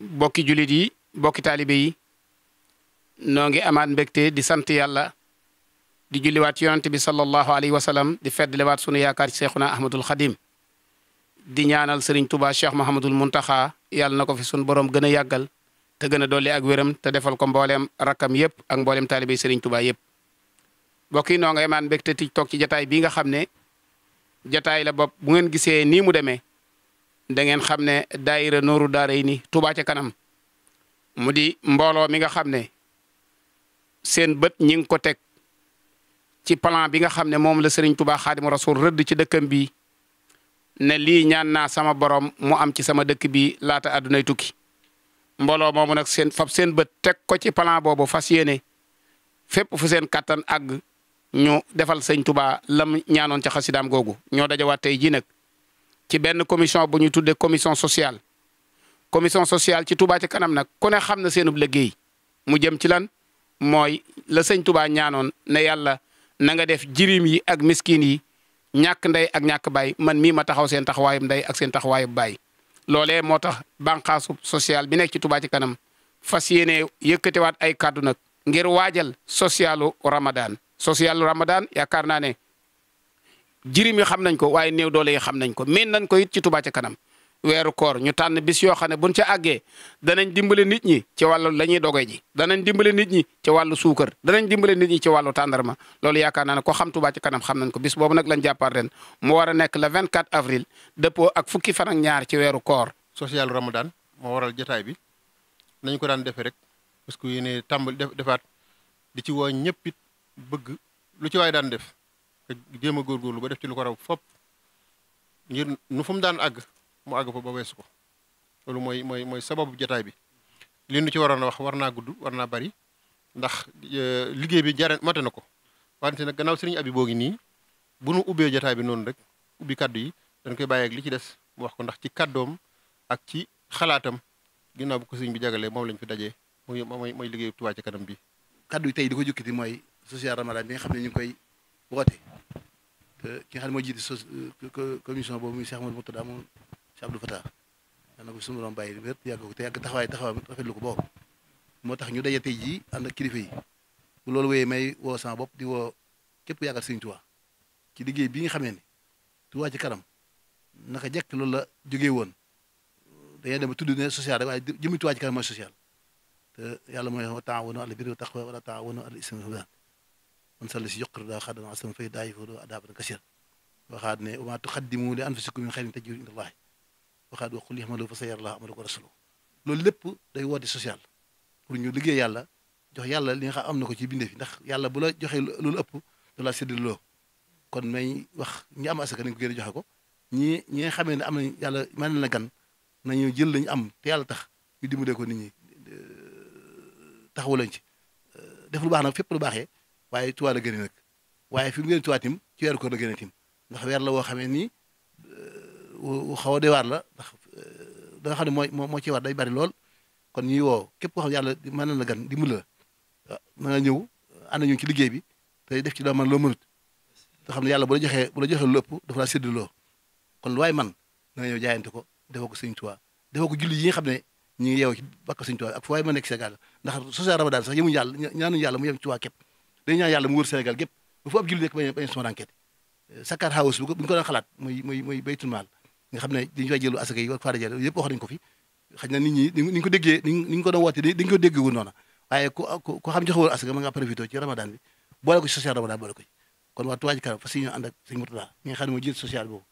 bokki jullit yi bokki taalibe yi noo ngi amaat mbégte di sant yàlla di julliwaat ci yonante bi sallallahu alayhi wa sallam di feddliwaat sunu yaakaar ci seexuna ahmadul xadim di ñaanal sëriñ tubaa cheikh mahamadul muntaxa yàlla na ko fi sunu boroom gën a yàggal te gën a dolli ak wéram te defal ko mbooleem rakkam yëpp ak mbooleem taalibe yi sëriñ tubaa yëpp mbokk yi noo ngi amaat mbégte ti toog ci jataay bii nga xam ne jataay la bopp bu ngeen gisee nii mu demee dangeen xam ne daayira nooru daara yi ni Touba ca kanam mu di mbooloo mi nga xam ne seen bët ñi ngi ko teg ci plan bi nga xam ne moom la sëriñ Touba xaadimu rasul rëdd ci dëkkam bi ne lii ñaan naa sama borom mu am ci sama dëkk bi laata àddunay tukki mbooloo moomu nag seen fab seen bët teg ko ci plan boobu fas yéene fépp fu seen kattan àgg ñu defal sëñ tubaa lam ñaanoon ca xasidaam googu ñoo dajawaat tey jii nag ci benn commission bu ñu tuddee commission sociale commission sociale ci Touba ci kanam nag ku ne xam na seenub liggéey mu jëm ci lan mooy la sëñ tubaa ñaanoon na yàlla na nga def jirim yi ak miskin yi ñàkk ndey ak ñàkk baay man mii ma taxaw seen taxawaayub ndey ak seen taxawaayub baay loole moo tax bànqaasu sociale bi nekk ci tubaa ci kanam fas yéene yëkkatewaat ay kàddu nag ngir waajal socialu Ramadan socialu Ramadan yaakaar naa ne. jirim yi xam nañ ko waaye new doole yi xam nañ ko miin nañ ko it ci Touba ca kanam weeru koor ñu tànn bis yoo xam ne buñ ca àggee danañ dimbale nit ñi ci wàllu la ñuy doge ji danañ dimbale nit ñi ci wàllu suukar danañ dimbale nit ñi ci wàllu tàndarma loolu yaakaar naa ne ko xam Touba ci kanam xam nañ ko bis boobu nag lañ jàppaar ren mu war a nekk vingt 24 avril dëppoo ak fukki fan ak ñaar ci weeru koor social ramadan moo waral jataay bi nañ ko daan defee rek parce que yéene tàmbali defaat di ci woo ñëpp it bëgg lu ci waay daan def te jéem a góorgóorlu ba def ci lu ko raw fop ngir nu fu mu daan àgg mu àgg fa ba weesu ko loolu mooy mooy mooy sababu jataay bi li nu ci waroon a wax war naa gudd war naa bari ndax e, liggéey bi jare mate na ko wante nag gannaaw sëriñ abi boo gi nii bu nu ubbee jataay bi noonu rek ubbi kaddu yi dañ koy bàyyeeg li ci des mu wax ko ndax ci kàddoom ak ci xalaatam ginnaaw bu ko sëriñ bi jagalee moom lañ fi dajee muy mooy mooy liggéey Touba ca kanam bi kaddu yi tey di ko jukkiti mooy social ramadan bi nga xam ne ñu ngi koy woote te ki nga xam ne mooy sos commission boobu muy Cheikh Amadou Moutada moom Cheikh Abdou Fatah dana ko suñu borom bàyyi wér yàgg ko te yàgg taxawaay taxawaay rafetlu ko boobu moo tax ñu daje tey ji ànd ak kilifa lool bu loolu wéyee may woo sama bopp di woo képp yàggal Sëriñ Tuubaa ci liggéey bi nga xamee ne Tuubaa ci kanam naka jekk loolu la jógee woon dañuy dem tudd ne social rek waaye jëmi Tuubaa ci kanam mooy social te yàlla mooy taawanu alal birri wa taqwa wala taawanu alal ismi wal man salla si yoqri daa xadan asan fay daayi foodo adaban kasir waxaat ne wama tuqaddimu li anfusikum min xayrin tajidu inda allahi waxaat wa qul ihmalu loolu lépp day woote social pour ñu liggéey yàlla jox yàlla li nga xam am na ko ci bindee fi ndax yàlla bu la joxee loolu ëpp du la séddaloo kon may wax ñi am asaka nañ ko gën joxe ko ñi ñi nga xamee ne am nañ yàlla mën na gan nañu jël lañu am te yàlla tax ñu dimbalee ko ni ñi taxawu lañ ci def lu baax nag fépp lu baaxee waaye Tuubaa la gënee nag waaye fi mu gën a Tuubaa tim a tim ndax weer la woo xamee ni euh, xaw a doy waar la ndax euh, da nga xam ne mooy moo ci war day bari lool kon ñuy wo képp koo xam yàlla mën na la gan di mu la ah, na nga ñëw ànd ñu ci liggéey bi te def ci loo man loo mënut te xam ne yàlla bu la joxee bu la joxee lu ëpp dafa laa séddaloo kon lu waay man na nga ñëw jaayante ko defoo ñu ngi yeewu ci bakk Sëñ Tuubaa ak fu mu yem ci Tuubaa dañu ñaan yàlla mu wër Sénégal gépp ba fu ab bañ bañ son enquête Sakaar House ko bu ñu ko doon xalaat muy muy muy baytul maal nga xam ne dañu fay yi ko fi xëy na ko déggee ni ñu ko doon ma nga profité ci ramadan bi boole ko social ramadan boole kon waa Touba Ca Kanam fas yéene ànd ak sëñ Murtada ñi nga social boobu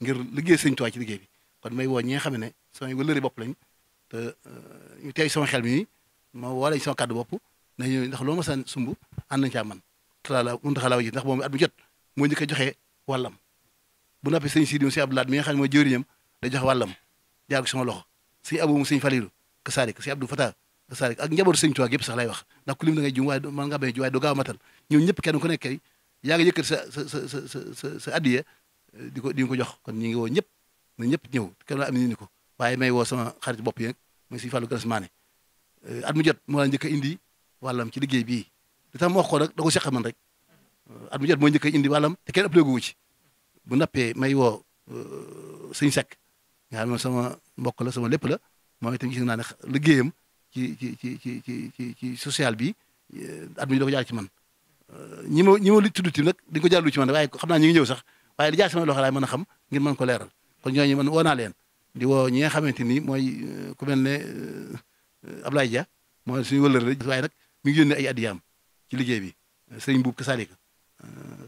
ngir liggéey sëñ Touba ci bi kon may woo ñi nga xam ne samay wëllëri bopp lañ te euh, ñu sama xel mi ma woo lañ sama kad bopp nañu ndax loo ma saan sumb ànd nañ caa man talaalaa muntaxaa laa ji ndax moom at mu jot moo njëkk a joxe wàllam bu noppi sëñ Sidi sëñ Abdoulaye mi nga xam ne mooy jëwriñam day joxe wàllam jaar ko sama loxo sëñ Abou sëñ Falilou ka saarik sëñ Abdou Fatah ka saarik ak njabootu sëñ Tuubaa yëpp sax lay wax ndax ku lim da ngay jum waaye man nga bañ ju waaye doo gaaw matal ñoom ñëpp kenn ku nekk kay yaa ngi yëkkat sa sa sa sa sa addiya eh, di ko di nga ko jox kon ñi ngi woo ñëpp na ñëpp ñëw kenn am ni ko waaye may woo sama xarit bopp yi nag mooy sëñ Fallou Galasmaane eh, at mu jot moo la njëkk a indi wàllam ci liggéey bii li tax mu wax ko nag da ko seqal man rek at mu jot mooy njëkk a indi wàllam te kenn ëpp léegu wu ci bu nappee may woo euh, sëñ Seck nga xam ne sama mbokk la sama lépp la moom itam gis naa ne liggéeyam ci ci ci ci ci ci social bi euh, at mu da ko jaar ci man euh, ñi ma ñi ma li tudd ti nag dañu ko jaarlu ci man waaye xam naa ñu ngi ñëw sax waaye li jaar sama loxo laay mën a xam ngir mën ko leeral kon ñooñu man woo naa leen di woo ñi nga xamante ni mooy ku mel ne Ablaye Dia mooy suñu wëllër la waaye nag mi ngi yónnee ay addiyaam ci liggéey bi sëriñ buub kasaalika euh,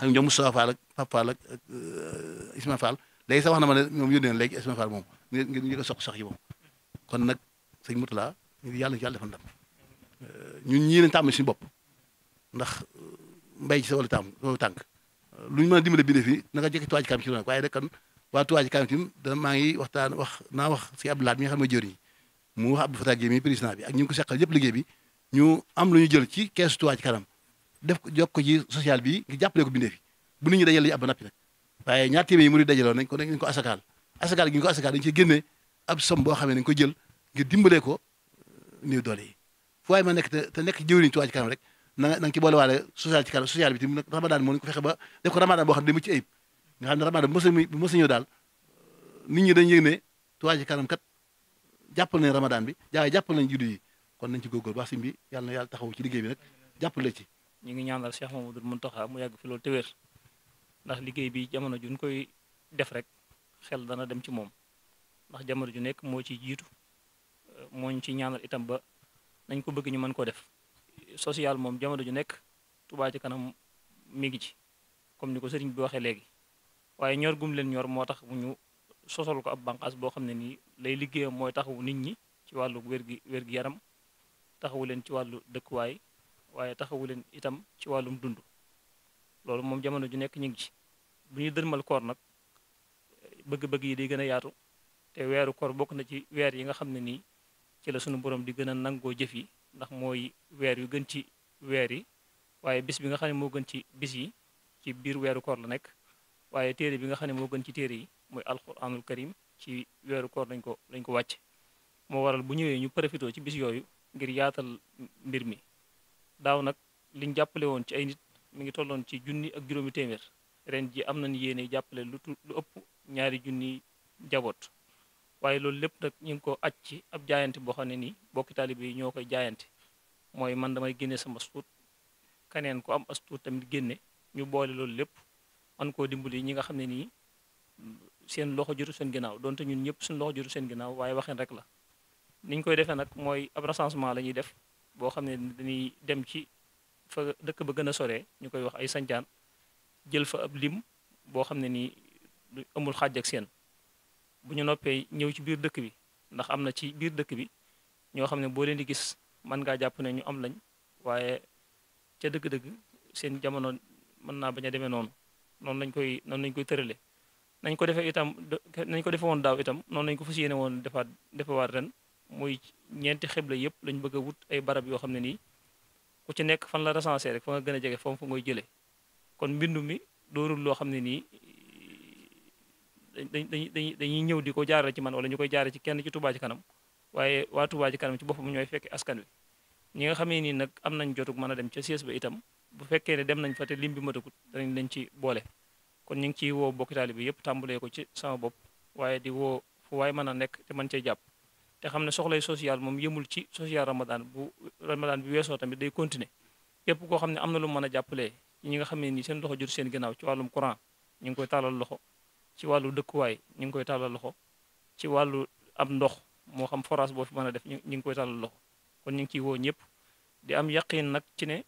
ak ñoom Moustapha Fall ak Pape Fall ak euh, Isma Fall léegi sax wax na ma ne ñoom yónnee na léegi Isma Fall moom ngeen ñu ko sox sox yi moom kon nag sëñ Moutala yàlla yàlla defal ndam euh, ñun ñii lañ tàmm si bopp ndax mbay ci a wala lu ñu mën a dimbale bindee fii naka jekki tuwaaji kaam ci la waaye nag kon waa tuwaaji kaam ci dana maa ngi waxtaan wax naa wax si Abdoulaye mi nga xam ne jëriñ mu wax a Fatah Diémé président bi ak ñu ngi ko seqal yëpp liggéey bi ñu am lu ñu jël ci keesu Touba Ca Kanam def ko jokk ko ci social bi ngi jàppale ko bindee fi bu nit ñi dajale ñu ab ba nappi nag waaye ñaar téeméer yi mu di dajaloon nañ ko nañ ko asakaal asakaal gi ñu ko asakaal dañu ci génnee ab som boo xamee nañ ko jël ngir dimbalee ko euh, néew doole yi fu waaye ma nekk te nekk jëwriñ Touba Ca Kanam rek na nga na nga ci boolewaale social ci kanam social bi tamit nag ramadaan moo ñu ko fexe ba def ko ramadaan boo xam ne day mucc ayib nga xam ne ramadaan bu mos a ñëw daal euh, nit ñi dañ yëg ne Touba Ca Kanam kat jàppal nañ ramadaan bi jaaye jàppal nañ juddu yi kon nañ ci góorgóor baax si mbi yàlla na yàlla taxaw ci liggéey bi nag jàppale ci ñu ngi ñaanal Cheikh mun Mountakha mu yàgg fi loolu te wér ndax liggéey bi jamono juñ koy def rek xel dana dem ci moom ndax jamono ju nekk moo ci jiitu euh, mooñ ci ñaanal itam ba nañ ko bëgg ñu mën koo def social moom jamono ju nekk Touba ci kanam mi ngi ci comme ni ko sëriñ bi waxee léegi waaye ñor gum leen ñor moo tax mu ñu sosal ko ab bànqaas boo xam ne nii lay liggéeyam mooy taxawu nit ñi ci wàllu wér gi wér yaram taxawu leen ci wàllu dëkkuwaay waaye taxawu leen itam ci wàllum dund loolu moom jamono ju nekk ñu ngi ci bu ñuy dërmal koor nag bëgg-bëgg yi di gën a yaatu te weeru koor bokk na ci weer yi nga xam ne nii ci la sunu borom di gën a nangoo jëf yi ndax mooy weer yu gën ci weer yi waaye bis bi nga xam ne moo gën ci bis yi ci biir weeru koor la nekk waaye téere bi nga xam ne moo gën ci téere yi mooy alquranul karim ci weeru koor lañ ko lañ ko wàcc moo waral bu ñëwee ñu profité ci bis yooyu ngir yaatal mbir mi daaw nag liñ jàppale woon ci ay nit mi ngi tolloon ci junni ak juróomi téeméer ren ji am nañ yéene jàppale lu lu ëpp ñaari junni jaboot waaye loolu lépp nag ñu ngi ko aj ci ab jaayante boo xam ne nii bokki taalibe yi ñoo koy jaayante mooy man damay génne sama suut kaneen ku am astuut tamit génne ñu boole loolu lépp man koo dimbali ñi nga xam ne nii seen loxo jotu seen ginnaaw donte ñun ñëpp suñu loxo jotu seen ginnaaw waaye waxeen rek la niñ koy defee nag mooy ab recensement la ñuy def boo xam ne dañuy dem ci fa dëkk ba gën a soree ñu koy wax ay sancaan jël fa ab lim boo xam ne nii amul xaaj ak seen bu ñu noppee ñëw ci biir dëkk bi ndax am na ci biir dëkk bi ñoo xam ne boo leen di gis mën ngaa jàpp ne ñu am lañ waaye ca dëgg-dëgg seen jamono mën naa bañ a demee noonu noonu lañ koy noonu lañ koy tërale nañ ko defee itam nañ ko defee woon daaw itam noonu lañ ko fas yéene woon defaat defewaat ren muy ñeenti xibla yëpp lañ bëgg a wut ay barab yoo xam ne nii ku ci nekk fan la recensé rek fa nga gën a jege fa fa ngay jëlee kon mbindu mi doorul loo xam ne nii dañ dañ dañuy ñëw di ko jaarale ci man wala ñu koy jaare ci kenn ci Touba ci kanam waaye waa Touba ci kanam ci boppam ñooy fekke askan wi ñi nga xamee nii nag am nañ jotug mën a dem ca siège ba itam bu fekkee ne dem nañ fa te lim bi matagut danañ leen ci boole kon ñu ngi ciy woo bokki taalibe bi yëpp tàmbalee ko ci sama bopp waaye di woo fu waaye mën a nekk mën cee jàpp te xam ne soxlay social moom yëmul ci social ramadan bu ramadan bi weesoo tamit day continuer képp koo xam ne am na lu mën a jàppalee ñi nga xam ne nii seen loxo jot seen ginnaaw ci wàllum courant ñu ngi koy tàllal loxo ci wàllu dëkkuwaay ñu ngi koy tàllal loxo ci wàllu ab ndox moo xam forage boo fi mën a def ñu ngi koy tàllal loxo kon ñu ngi ciy woo ñëpp di am yaqin nag ci ne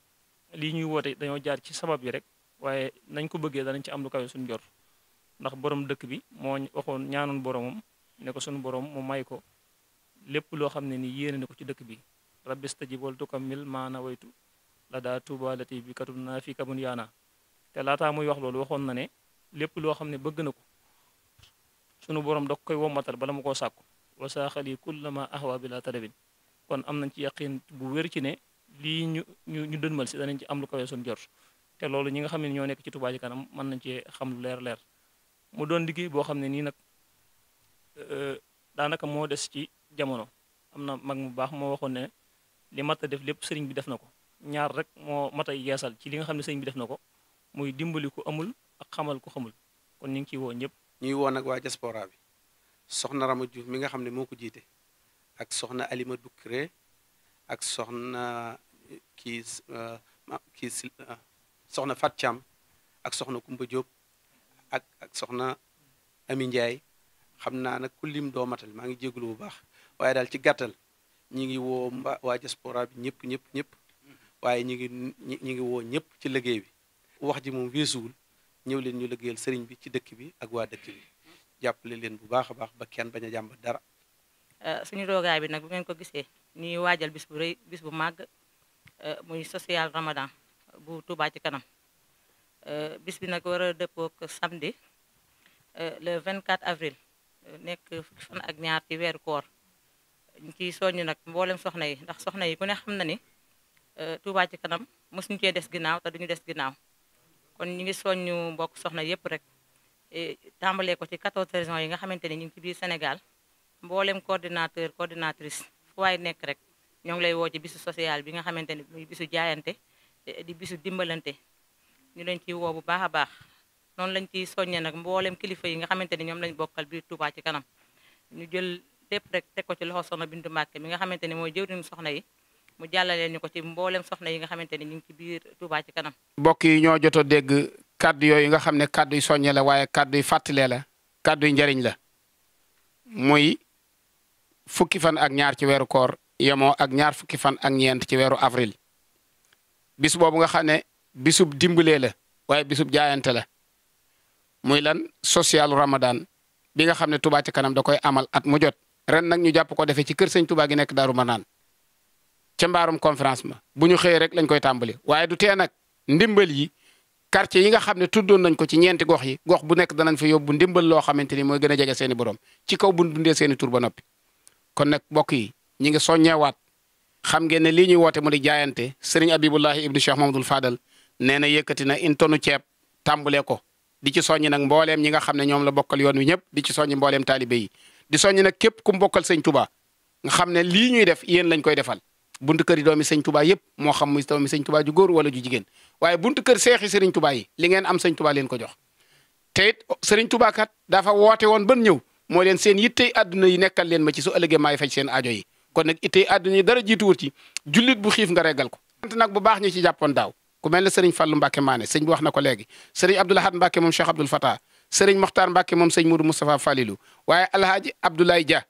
lii ñuy woote dañoo jaar ci sabab yi rek waaye nañ ko bëggee danañ ci am lu kawe suñu jor ndax borom dëkk bi moo waxoon ñaanoon boromam ne ko suñu borom mu may ko lépp loo xam ne ni yéene na ko ci dëkk bi rabbi stajib wal tukammil maana waytu la daa tuuba lati bi katub naa fi kabun yaana te laataa muy wax loolu waxoon na ne lépp loo xam ne bëgg na ko sunu borom da koy wommatal bala mu koo sàkku wasaaxali kullama ahwa bi la tadabin kon am nañ ci yaqin bu wér ci ne lii ñu ñu ñu dënmal si danañ ci am lu kawee suñ jot te loolu ñi nga xam ne ñoo nekk ci Touba Ca Kanam mën nañ ci xam lu leer leer mu doon liggéey boo xam ne nii nag euh, moo des ci jamono am na mag mu baax moo waxoon ne li mat a def lépp sëriñ bi def na ko ñaar rek moo mat a yeesal ci li nga xam ne sëriñ bi def na ko muy dimbali ko amul ak xamal ko xamul kon ñu ngi ciy woo ñëpp. ñuy woo nag waa diaspora bi soxna Rama Diouf mi nga xam ne moo ko jiite ak soxna Alima Dukkure ak soxna kii ah, kii soxna Fat Thiam ak soxna Kumba Diop ak soxna Ami Ndiaye xam naa nag ku lim doo matal maa ngi jégalu bu baax. waaye daal ci gàttal ñi ngi woo mba waa diaspora bi ñëpp ñëpp ñëpp waaye ñi ngi ñi ngi woo ñëpp ci liggéey bi wax ji moom weesuwul ñëw leen ñu liggéeyal sëriñ bi ci dëkk bi ak waa dëkk bi jàppale leen bu baax a baax ba kenn bañ a jàmbat dara euh, suñu doogaay bi nag bu ngeen ko gisee ñuy waajal bis bu rëy bis bu màgg euh, muy social ramadan bu Touba ci kanam euh, bis bi nag war a dëppook samedi le 24 avril nekk fukki fan ak ñaar ci weeru koor ñu ciy soññ nag mboolem soxna yi ndax soxna yi ku ne xam na ni euh, Touba ci kanam mosuñu cee des ginnaaw te duñu des ginaaw kon ñu ngi soññu mbokk soxna yëpp rek e, tàmbalee ko ci 14 régions yi nga xamante ni ñu ngi ci biir Sénégal mboolem coordinateur coordinatrice fu nekk rek ñoo ngi lay woo ci bisu social bi nga xamante ni muy bisu jaayante di dimbalante ñu leen ciy woo bu baax a baax noonu lañ ciy soññee nag mboolem kilifa yi nga xamante ni ñoom lañ bokkal biir Touba ci kanam ñu jël lépp rek teg ko ci loxo soxna Bintu Mbàkke mi nga xamante ni mooy jëwriñu soxna yi mu jàllaleen ñu ko ci mboolem soxna yi nga xamante ni ñu ngi ci biir Touba ci kanam mbokk yi ñoo jot dégg kàddu yooyu nga xam ne kàddu yu soññe la waaye kàddu yu fàttalee la kàddu yu la muy fukki fan ak ñaar ci weeru koor yemoo ak ñaar fukki fan ak ñeent ci weeru avril bis boobu nga xam ne bisub dimbalee la waaye bisub jaayante la muy lan social ramadan bi nga xam ne Touba ci kanam da koy amal at mu jot ren nag ñu jàpp ko defee ci kër sëñ Touba gi nekk Daaru naan ca mbaarum conférence ma bu ñu xëyee rek lañ koy tàmbali waaye du tee nag ndimbal yi quartier yi nga xam ne tuddoon nañ ko ci ñeenti gox yi gox bu nekk danañ fa yóbbu ndimbal loo xamante ni mooy gën a jege seeni i borom ci kaw bu ñu dundee seen tur ba noppi kon nag mbokk yi ñi ngi soññeewaat xam ngeen ne lii ñuy woote mu di jaayante sëriñ Abibullahi ibnu Cheikh Mamadul Fadal nee na yëkkati na une tonne ceeb tàmbale ko di ci soññi nag mbooleem ñi nga xam ne ñoom la bokkal yoon wi ñëpp di ci soññi mbooleem taalibe yi di soññ nag képp ku mbokkal sëñ Touba nga xam ne lii ñuy def yéen lañ koy defal buntu kër yi doomi sëñ Touba yëpp moo xam muy doomi sëñ Touba ju góor wala ju jigéen waaye buntu kër seexi sëriñ Touba yi li ngeen am sëñ Touba leen ko jox te it sëriñ Touba kat dafa woote woon ban ñëw moo leen seen yittey àdduna yi nekkal leen ma ci su ëllëgee may faj seen aajo yi kon nag ittey àdduna yi dara jiituwut ci jullit bu xiif nga reggal ko sant nag bu baax ñi ci jàppoon daaw ku mel ne sëriñ Fallou Mbacke Maane sëñ wax na ko léegi sëriñ Abdoul Ahad Mbacke moom Cheikh Abdoul Fatah sëriñ Moxtaar Mbàkke moom sëñ Modou Moustapha Falilou waaye alhaaji Abdoulaye Dia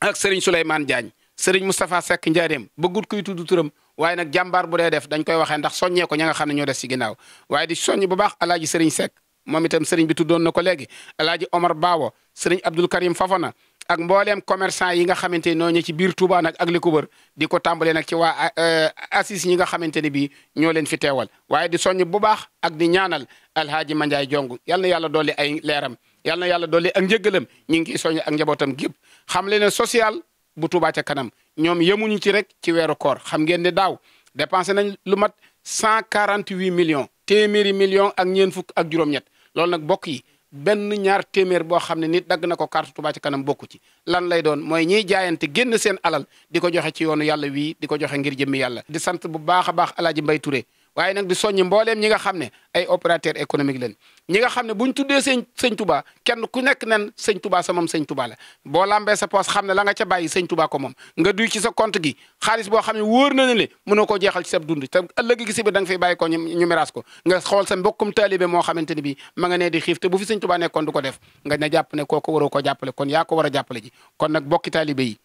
ak sëriñ Souleymane Diagne sëriñ Moustapha Seck Njaareem bëggut kuy tudd turam waaye nag jàmbaar bu dee def dañ koy waxee ndax soññee ko ña nga xam ne ñoo des ci ginnaaw waaye di soññ bu baax alhaaji sëriñ Seck moom itam sëriñ bi tuddoon na ko léegi alhaaji Omar Bawo sëriñ Abdoul Karim Fafana ak mbooleem commerçant yi nga xamante ne ñoo ci biir Touba nag ak li ko wër di ko tàmbalee nag ci waa euh, assis ñi nga xamante ne bii ñoo leen fi teewal waaye di soññ bu baax ak di ñaanal alhaaji Mandiaye Diong yal na yàlla doole ay leeram yal na yàlla dolli ak njëgalam ñu ngi ciy ak njabootam gépp xam le ne social bu Touba ca kanam ñoom yemuñu ci rek ci weeru koor xam ngeen ne daaw dépensé nañ lu mat cent quarante huit millions téeméeri millions ak ñeen fukk ak juróom loolu nag yi benn ñaar téeméer boo xam ne nit dagg na ko carte Touba kanam bokku ci lan lay doon mooy ñiy jaayante génn seen alal di ko joxe ci yoonu yàlla wii di ko joxe ngir jëmmi yàlla di sant bu baax a baax alaaji Mbay Touré waaye nag di soññi mbooleem ñi nga xam ne ay opérateur économique lañ ñi nga xam ne buñ tuddee sëñ sëñ tubaa kenn ku nekk nen señ tubaa sa moom sëñ tubaa la boo lambee sa poos xam ne la nga ca bàyyi sëñ tubaa ko moom nga duy ci sa compte xaalis boo xam ne wóor na ne le mënoo koo jeexal ci dund te ëllëg gi si biir da nga fay bàyyi ko ñu miraas ko nga xool sa mbokkum taalibe moo xamante ne bi ma nga nee di xiif te bu fi sëñ tubaa nekkoon du ko def nga ne jàpp ne kooku waroo koo jàppale kon yaa ko war a jàppale ji kon nag bokki taalibe yi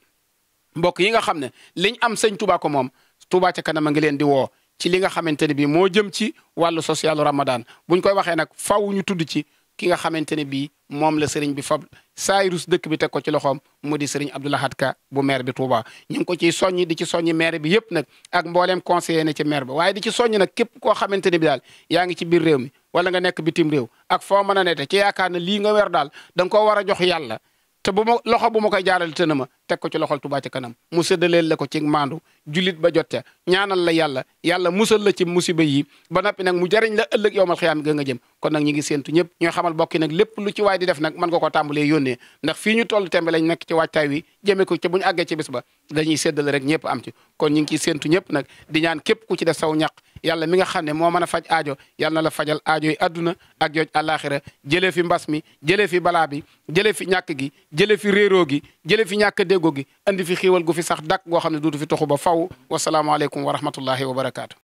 mbokk yi nga xam ne liñ am sëñ tubaa ko moom tubaa ca kanam a ngi leen di ci li nga xamante ne bii moo jëm ci wàllu social Ramadan buñ koy waxee nag faw ñu tudd ci ki nga xamante ne bii moom la sëriñ bi fab saayirus dëkk bi teg ko ci loxoom mu di sëriñ Abdou Lahad Ka bu meer bi Touba ñu ngi ko ciy soññi di ci soññi maire bi yëpp nag ak mbooleem conseiller ne ci maire ba waaye di ci soññi nag képp koo xamante ne bi daal yaa ngi ci biir réew mi wala nga nekk bi bitim réew ak foo mën a nete ci yaakaar ne lii nga weer daal da ko koo jox yàlla te bu loxo bu ma koy jaarale tëna ma teg ko ci loxol Touba ca kanam mu séddaleel la ko ci maandu jullit ba jot ñaanal la yàlla yàlla musal la ci musiba yi ba noppi nag mu jariñ la ëllëg yowmal xiyaam ga nga jëm kon nag ñi ngi séentu ñëpp xamal bokki nag lépp lu ci waay di def nag mën nga ko tàmbalee yónnee ndax fii ñu toll tembe lañ nekk ci waajtaay wi jëmee ko ca bu ñu àggee ci bis ba dañuy séddale rek ñëpp am ci kon ñi ngi ciy séentu ñëpp nag di ñaan képp ku ci def saw ñaq yàlla mi nga xam ne moo mën a faj aajo yàlla na la fajal aajo yi adduna ak jooj àllaaxira jëlee fi mbas mi jëlee fi balaa bi jëlee fi ñàkk gi jëlee jéego gi andi fi xiiwal gu fi sax dàq goo xam ne duutu fi toxu ba faw wasalaamaaleykum wa rahmatullahi wa barakaatu.